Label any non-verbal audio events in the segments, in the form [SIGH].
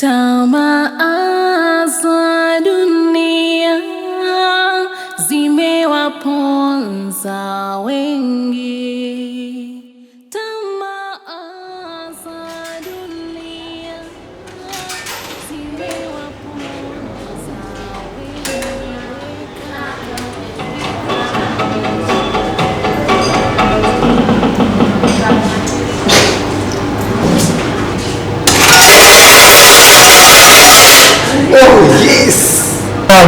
Tamaa za dunia zimewaponza wengi.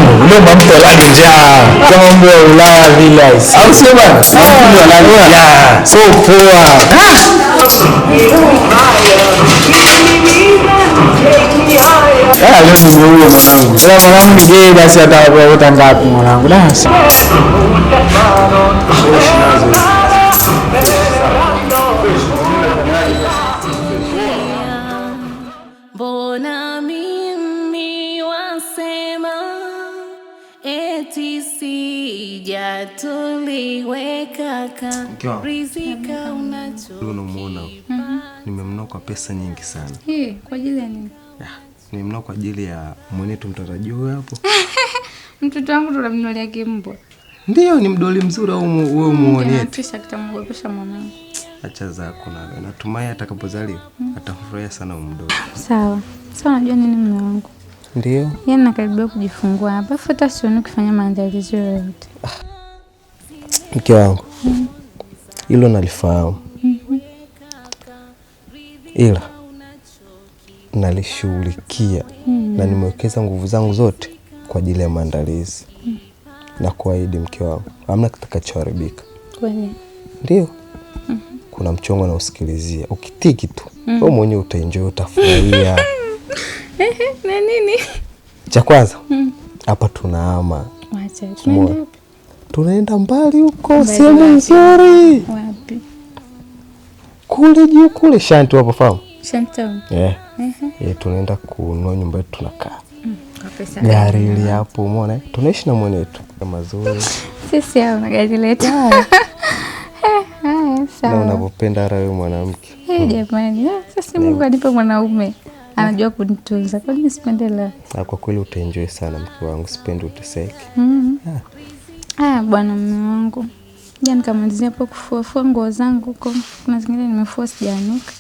yangu leo mtu alali njaa kama mambo ya Ulaya vile, au sio bwana? Mtu alali ah. njaa, so poa ah. ah, leo ni huyo mwanangu. Sasa mwanangu ni je, basi atakuwa ngapi mwanangu? Basi Unamwona, nimemnua kwa pesa nyingi sana. Kwa ajili ya nini? Nimemnua kwa ajili ya mwenetu mtarajiwa hapo. [LAUGHS] Mtoto wangu tunamnunulia kimbo. Ndiyo, ni mdoli mzuri au wewe muone. Kitamwogopesha mwanangu. Acha zako na natumai atakapozaliwa mm. atafurahia sana mdoli. Sawa. Sawa, unajua nini mume wangu? Ndiyo. Yeye anakaribia kujifungua hapa. Hata sioni kufanya maandalizi yoyote. Ah. Mke wangu hilo nalifahamu, ila nalishughulikia na nimewekeza nguvu zangu zote kwa ajili ya maandalizi na kuahidi mke wangu hamna kitakachoharibika. Ndio, mhm. kuna mchongo na usikilizia ukitiki tu wewe mm. mwenyewe utaenjoy, utafurahia. [LAUGHS] Na nini cha kwanza mm. hapa, tunaama tunaenda mbali huko, sehemu nzuri wapi? Kule juu kule Shanti wapo fahamu? Shanti. Eh. Eh, tunaenda kunua nyumba yetu tunakaa. Mm, gari ile hapo umeona? Tunaishi na mwenetu mazuri. [LAUGHS] Sisi hao na gari letu. [LAUGHS] Na unavyopenda wewe mwanamke. Eh, jamani. Ah, sasa Mungu anipe mwanaume anajua kunitunza. Kwa nini sipende ah, Kwa kweli utaenjoy sana mke wangu, sipendi uteseke. Mhm. Haya bwana mume wangu. Jana nikamalizia hapo kufuafua nguo zangu huko. Kuna zingine nimefua sijaanika.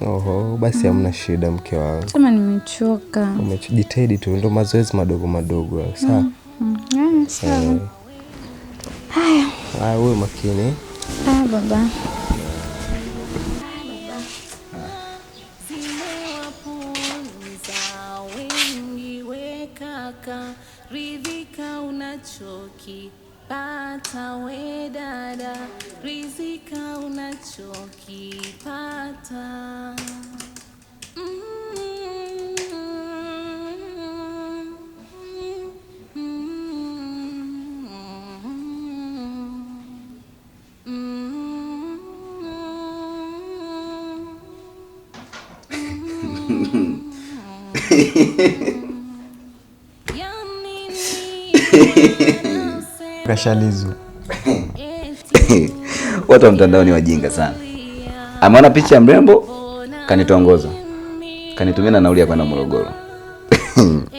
Oho, basi mm. hamna shida mke wangu. Sema nimechoka. Umejitahidi tu ndo mazoezi madogo madogo. Sawa. Mm, mm. Haya, sawa. Eh. Haya. Haya, makini. aya baba. Kashalizu. [LAUGHS] Watu wa mtandao ni wajinga sana. Ameona picha ya mrembo kanitongoza, kanitumia na nauli ya kwenda Morogoro. [LAUGHS]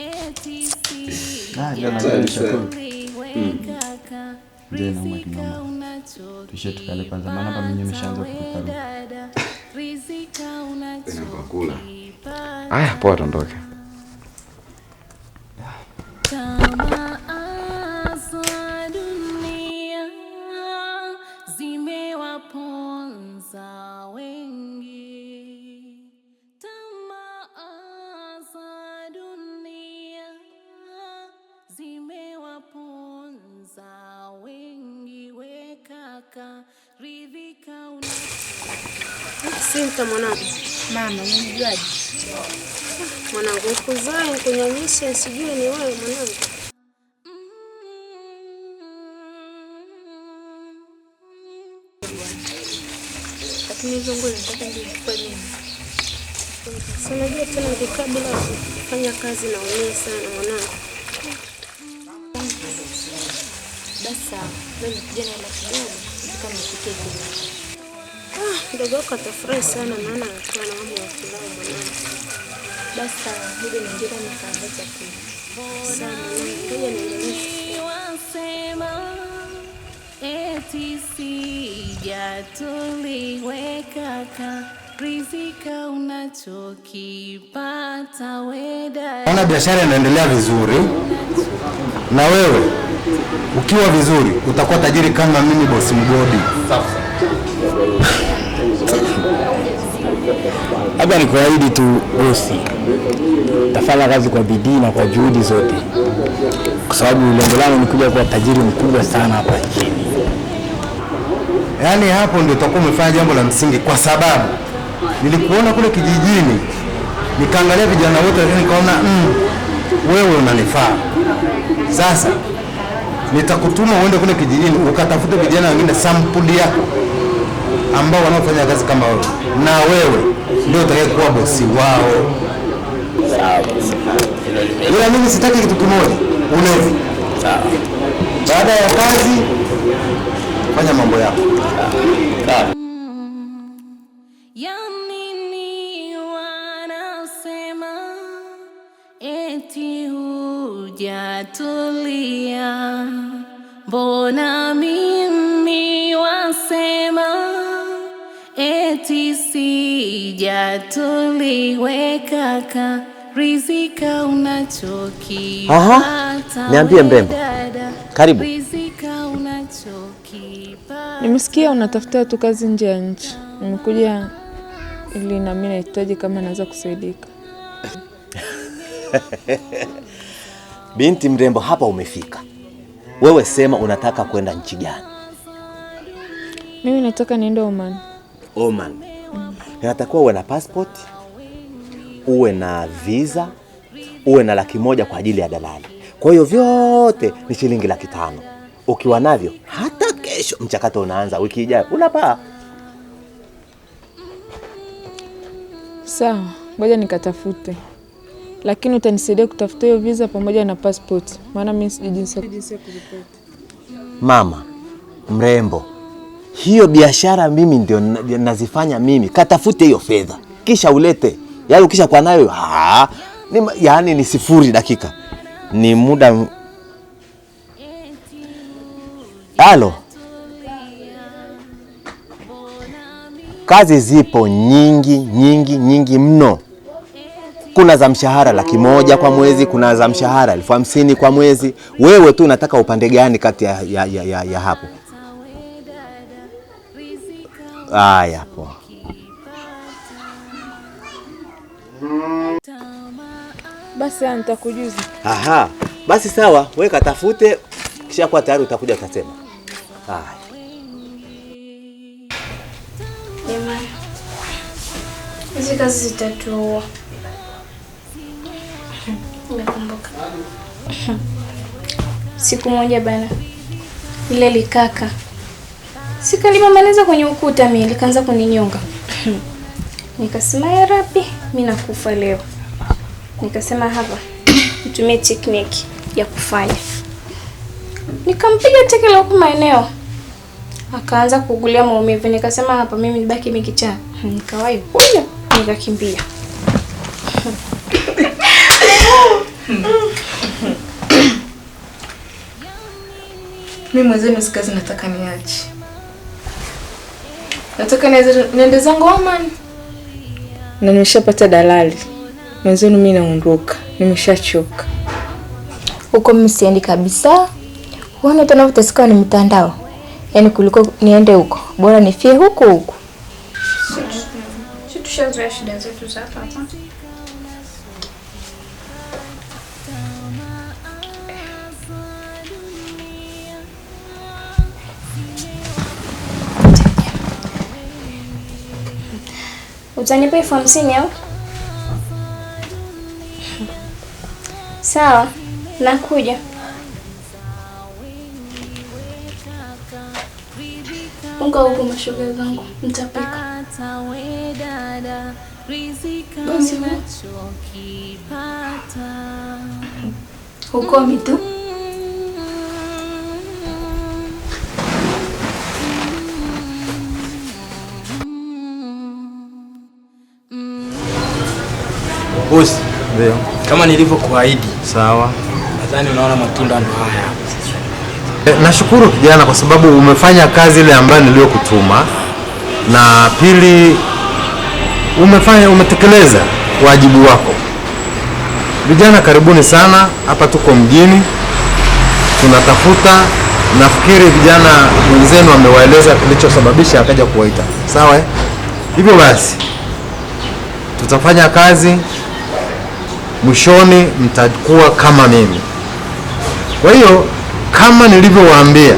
Ah, [LAUGHS] Aya, poa, tuondoke. Sinta mwanangu. Mama, unijuaje? Mwanangu, kuzoea kunyanyesha, sijui ni wewe mwanangu. Lakini tena nikikaa kufanya kazi naumia sana mwanangu. Basi, mimi nikija na kidogo kama nifikie Mdogo wako atafurahi sana maana na mwanangu. Basi chakula. Sana eti biashara inaendelea vizuri, na wewe ukiwa vizuri utakuwa tajiri kama mimi bosi mgodi. Sawa. Labda nikuahidi tu bosi, tafanya kazi kwa bidii na kwa juhudi zote, kwa sababu lengo langu ni kuja kuwa tajiri mkubwa sana hapa nchini. Yaani hapo ndio utakuwa umefanya jambo la msingi, kwa sababu nilikuona kule kijijini, nikaangalia vijana wote, lakini nikaona mm, wewe unanifaa. Sasa nitakutuma uende kule kijijini ukatafute vijana wengine sampuli yako ambao wanaofanya kazi kama wewe, na wewe ndio utakayekuwa bosi wao. Ila mimi sitaki kitu kimoja, ulevi. Baada ya kazi fanya mambo yako. Yanini wanasema mbona mimi wasema eti sija ka rizika unachokipata. Niambie mrembo, karibu. Nimesikia unatafuta tu kazi nje ya nchi, nimekuja ili nami nahitaji kama naweza kusaidika. [LAUGHS] Binti mrembo, hapa umefika wewe, sema unataka kwenda nchi gani? Mimi nataka niende Oman. Oman, na uwe na passport, uwe na visa, uwe na laki moja kwa ajili ya dalali. Kwa hiyo vyote ni shilingi laki tano. Ukiwa navyo hata kesho, mchakato unaanza wiki ijayo, unapaa. Sawa, ngoja nikatafute, lakini utanisaidia kutafuta hiyo visa pamoja na passport, maana mimi sijui jinsi ya mama mrembo hiyo biashara mimi ndio nazifanya mimi, katafute hiyo fedha kisha ulete. Yaani ukisha kwa nayo ni, yaani ni sifuri dakika ni muda. Halo, kazi zipo nyingi nyingi nyingi mno. Kuna za mshahara laki moja kwa mwezi, kuna za mshahara elfu hamsini kwa mwezi. Wewe tu unataka upande gani kati ya, ya, ya, ya, ya hapo? Haya, poa. Basi ah, nitakujuza. Aha, basi sawa, we katafute, kisha kuwa tayari utakuja utasema. Haya. Hizi kazi zitatuua. Nakumbuka siku moja bana, ile likaka Sikalimamaliza kwenye ukuta mimi, likaanza kuninyonga nikasema ya Rabbi, mimi nakufa leo. Nikasema hapa nitumie tekniki ya kufanya, nikampiga teke la huko maeneo, akaanza kugulia maumivu. Nikasema hapa mimi nibaki mikichaa, nikawai kuja nikakimbia mimi mwenzenu, sikazi nataka niache Nataka niende zangu Oman na nimeshapata dalali mwenzenu, mimi naondoka, nimeshachoka huko. Mimi siendi kabisa, huona tena utasikia ni mtandao. Yaani kuliko niende huko, bora nifie huku huku. Sisi tushazoea shida zetu za hapa hapa. Utanipa elfu hamsini au? Sawa, nakuja. Unga huko mashoga zangu mtapika. Basi huko mitu Bosi, ndio kama nilivyokuahidi. Sawa, nadhani unaona matunda ndio haya. E, nashukuru kijana, kwa sababu umefanya kazi ile ambayo niliyokutuma, na pili umefanya umetekeleza wajibu wako. Vijana karibuni sana hapa, tuko mjini tunatafuta. Nafikiri vijana wenzenu wamewaeleza kilichosababisha akaja kuwaita. Sawa, eh? hivyo basi tutafanya kazi mwishoni mtakuwa kama mimi. Kwa hiyo kama nilivyowaambia,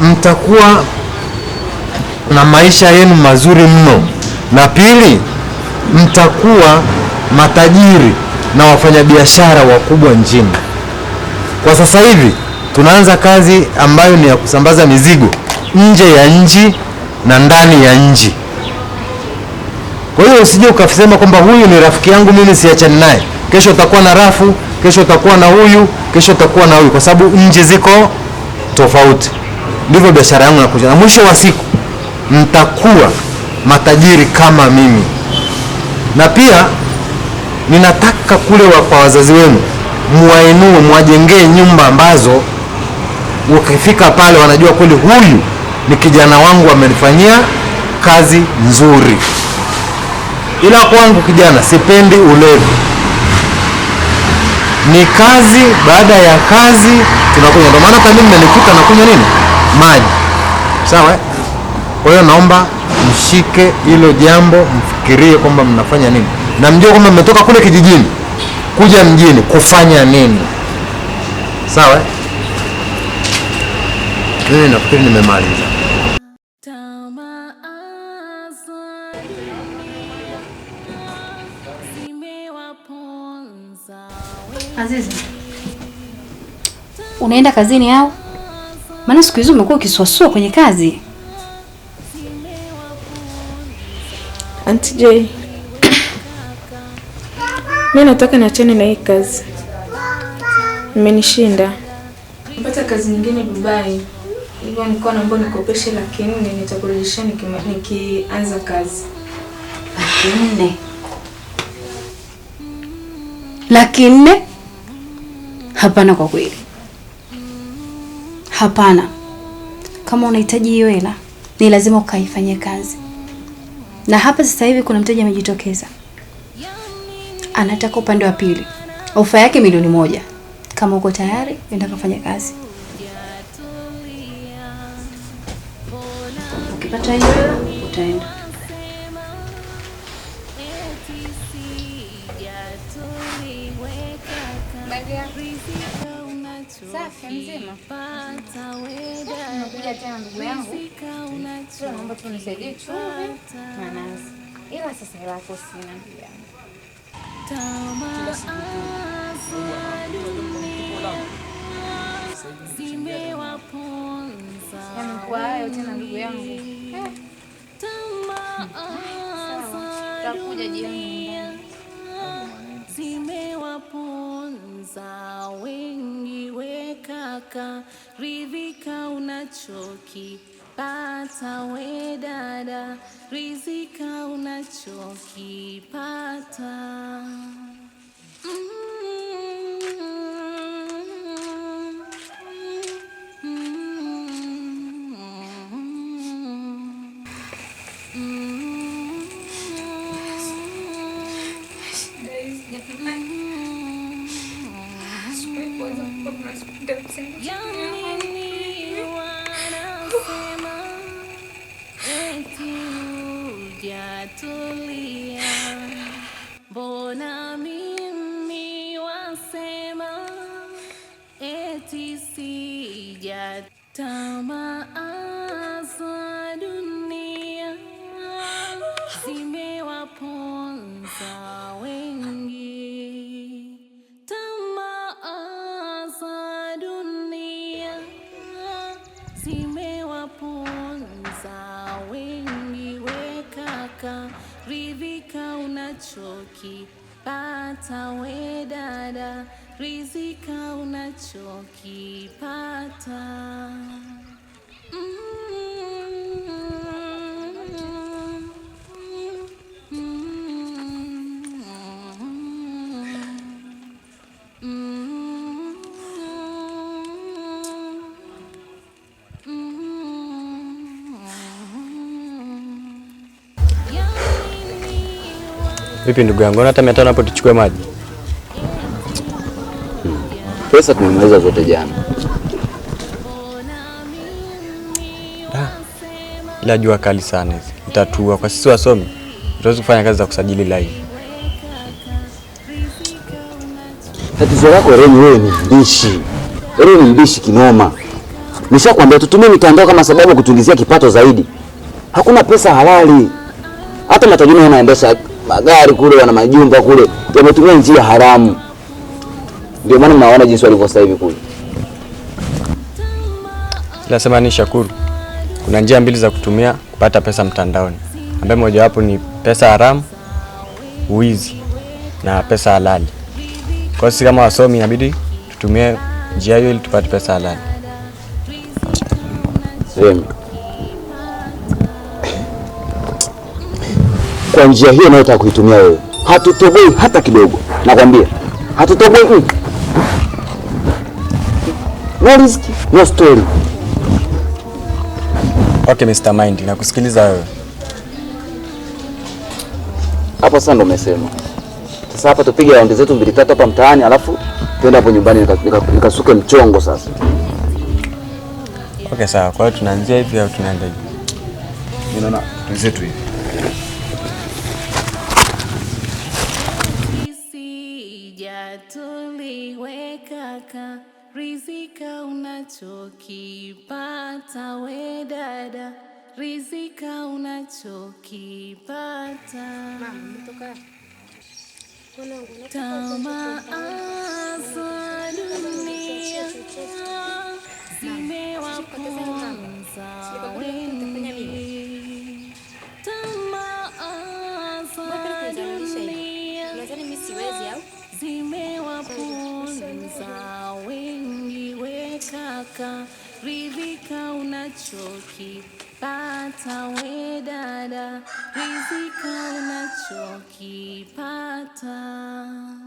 mtakuwa na maisha yenu mazuri mno, na pili, mtakuwa matajiri na wafanyabiashara wakubwa nchini. Kwa sasa hivi tunaanza kazi ambayo ni ya kusambaza mizigo nje ya nchi na ndani ya nchi. Kwa hiyo usije ukasema kwamba huyu ni rafiki yangu mimi siachane naye. Kesho utakuwa na rafu, kesho utakuwa na huyu, kesho utakuwa na huyu, kwa sababu nje ziko tofauti. Ndivyo biashara yangu inakuja, na mwisho wa siku mtakuwa matajiri kama mimi. Na pia ninataka kule wa kwa wazazi wenu muwainue, mwajengee nyumba ambazo ukifika pale wanajua kweli huyu ni kijana wangu, amenifanyia kazi nzuri ila kwangu kijana, sipendi ulevi. Ni kazi baada ya kazi tunakunywa, ndio maana hata mmenikuta nakunywa nini, maji. Sawa. Eh? Kwa hiyo naomba mshike hilo jambo, mfikirie kwamba mnafanya nini, na mjue kwamba mmetoka kule kijijini kuja mjini kufanya nini. Sawa. Eh? Mimi nafikiri nimemaliza. Azizi, unaenda kazini au? Maana siku hizi umekuwa ukisuasua kwenye kazi. Auntie J, mimi nataka niachane na hii kazi, imenishinda. Nipata kazi nyingine Dubai, hivyo nilikuwa naomba nikopeshe laki nne nitakurudishia nikianza kazi. Laki nne? laki nne? Hapana, kwa kweli hapana. Kama unahitaji hiyo hela, ni lazima ukaifanyie kazi. Na hapa sasa hivi kuna mteja amejitokeza, anataka upande wa pili, ofa yake milioni moja. Kama uko tayari, enda kafanya kazi. Ukipata hiyo hela, utaenda Nakuja tena ndugu yangu, naomba tu nisaidie chumvi na nazi, ila sasa hela yako sina. Yaani kwa hayo tena ndugu yangu, eh. takuja jioni zimewaponza wengi wengi shaka, ridhika unachokipata we dada, ridhika unachokipata mm. Mm-hmm. unachokipata we dada, rizika unachokipata Vipi ndugu yangu, hata mia tano hapo tuchukue maji. Hmm. Pesa tumemaliza zote jana. Ila jua kali sana hizi nitatua. Kwa sisi wasomi tuwezi kufanya kazi za kusajili live. Tatizo lako reni wewe ni mbishi, wewe ni mbishi kinoma. Nishakwambia tutumie mitandao kama sababu kutulizia kipato zaidi. Hakuna pesa halali, hata matajiri wanaendesha magari kule, wana majumba kule, wametumia njia haramu. Ndio maana mnaona jinsi walivyo sasa hivi kule. Nasema ni Shakuru, kuna njia mbili za kutumia kupata pesa mtandaoni, ambaye mojawapo ni pesa haramu, uizi na pesa halali. Kwa sisi kama wasomi inabidi tutumie njia hiyo ili tupate pesa halali. Sema. kwa njia hiyo unayotaka kuitumia wewe. Hatutoboi hata kidogo, nakwambia, hatutoboi. Mm. No risk, no story. Okay, Mr. Mind, nakusikiliza wewe. Hapo sasa ndo umesema. Sasa hapa tupige raundi zetu mbili tatu hapa mtaani, alafu tuende hapo nyumbani nikasuke mchongo sasa. Okay, sawa. Kwa hiyo tunaanzia hivi au tunaenda hivi? Ninaona zetu hivi. baraka, rizika unachokipata we dada, rizika unachokipata. Tamaa za dunia zimewaponza we choki, pata we dada, na choki pata.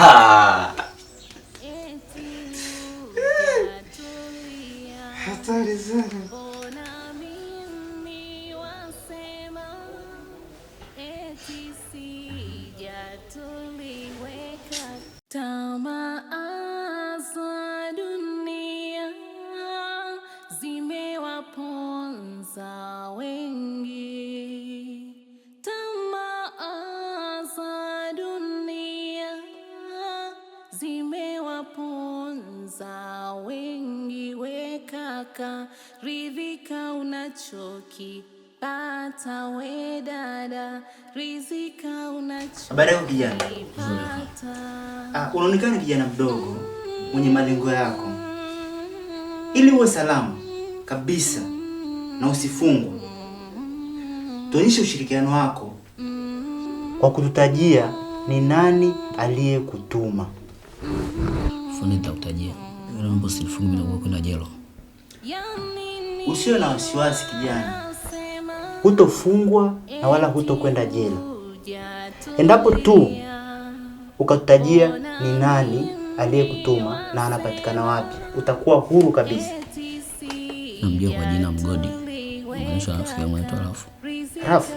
[LAUGHS] Hatari sana. Baada yako kijana, ah, unaonekana kijana mdogo mwenye malengo yako. Ili uwe salama kabisa na usifungwe, tuonyeshe ushirikiano wako kwa kututajia ni nani aliyekutuma. Fundi, mambo na Usiwe na wasiwasi kijana, hutofungwa na wala hutokwenda jela. Endapo tu ukatutajia ni nani aliyekutuma na anapatikana wapi, utakuwa huru kabisa. Namjua kwa jina Mgodi, mwanisho rafiki yangu anaitwa Rafu. Rafu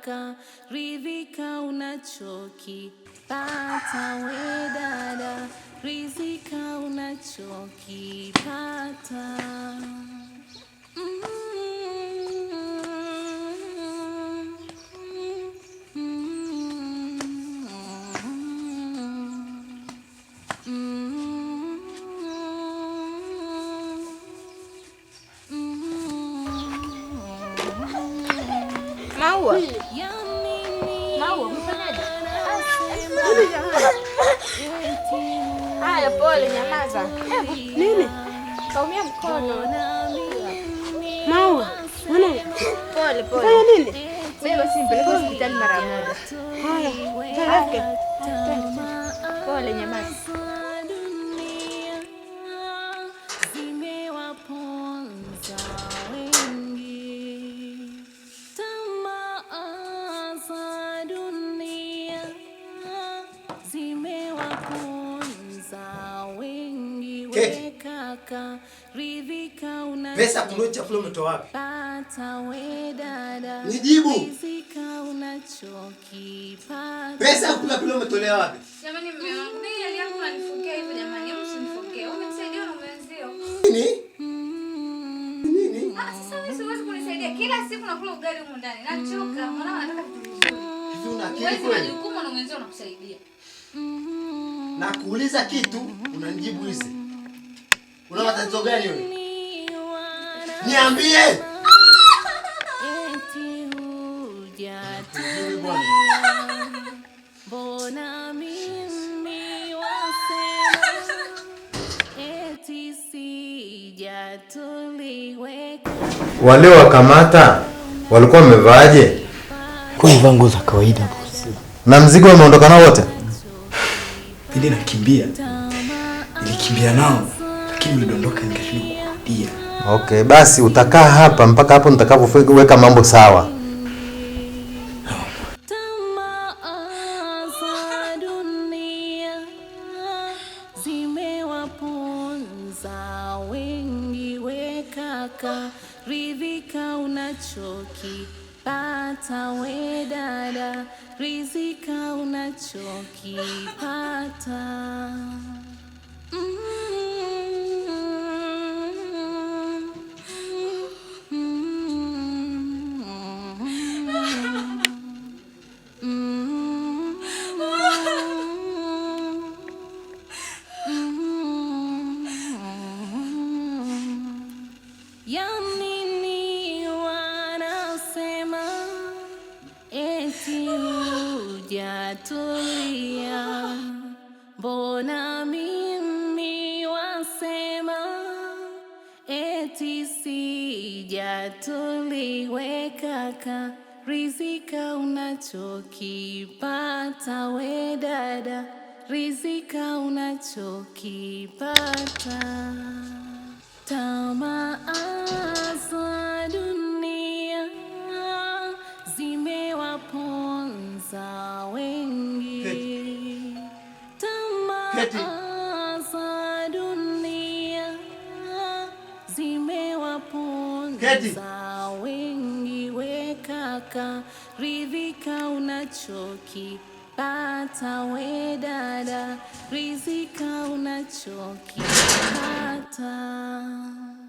baraka, ridhika unachokipata we dada, ridhika unachokipata mm. pole pole. Fanya nini? Eh, simpeleke hospitali mara moja. Haya, Pole Pesa kununua chakula umetoa wapi? Nijibu. Pesa ya kupiga pilo umetolea wapi? Jamani, hivyo jamani, hebu na mwenzio. Nini? Nini? Ah, sasa wewe Kila siku ugali huko ndani. Nachoka. anataka Wewe na mwenzio unakusaidia. Na kuuliza kitu unanijibu hizi. Una matatizo gani wewe? Niambie. Mbona mimi wasema eti sijatuliweka? Wale wakamata walikuwa wamevaaje? Wamevaa nguo za kawaida bosi. Na mzigo umeondoka nao wote? Ili nakimbia. Nilikimbia nao lakini nilidondoka nikashindwa kurudia. Okay, basi utakaa hapa mpaka hapo nitakavyoweka mambo sawa. baraka, ridhika unachokipata we dada, rizika unachokipata mm. unachokipata we dada, rizika unachokipata. Tamaa za dunia zimewaponza wengi, tamaa za dunia zimewaponza wengi, we kaka ridhika unachokipata, we dada, rizika unachokipata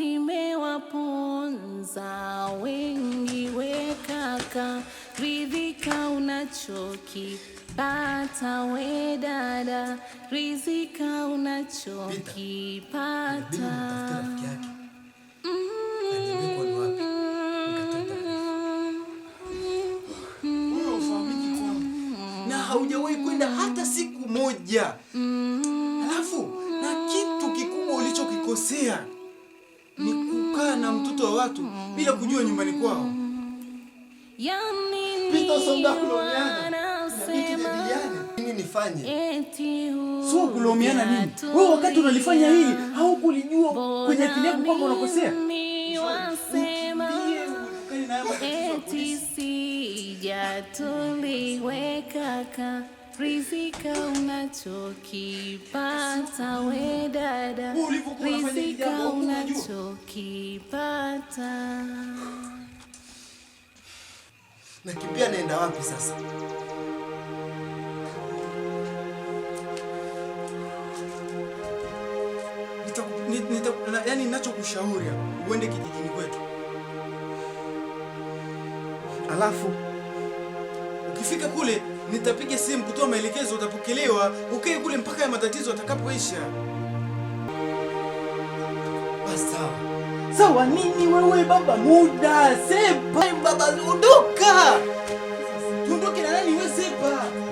zimewaponza wengi, wekaka ridhika unachokipata, we dada, ridhika unachokipata mm-hmm. haujawahi kwenda hata siku moja. Mm-hmm. Alafu na kitu kikubwa ulichokikosea kukaa na mtoto wa watu bila kujua nyumbani kwao. Yaani nifanye? Sio kulomiana nini? Wewe wakati unalifanya hili haukulijua kwenye akili yako kwamba unakosea. Eti sijatuliwe kaka Rizika unachokipata we dada, rizika unachokipata. Nakimbia naenda wapi sasa? Yaani ninachokushauri uende kijijini kwetu, alafu ukifika kule nitapiga simu kutoa maelekezo, utapokelewa ukae kule mpaka ya matatizo atakapoisha. Basta sawa, nini wewe baba, muda sepa baba, ondoka, ondoke na nani wewe sepa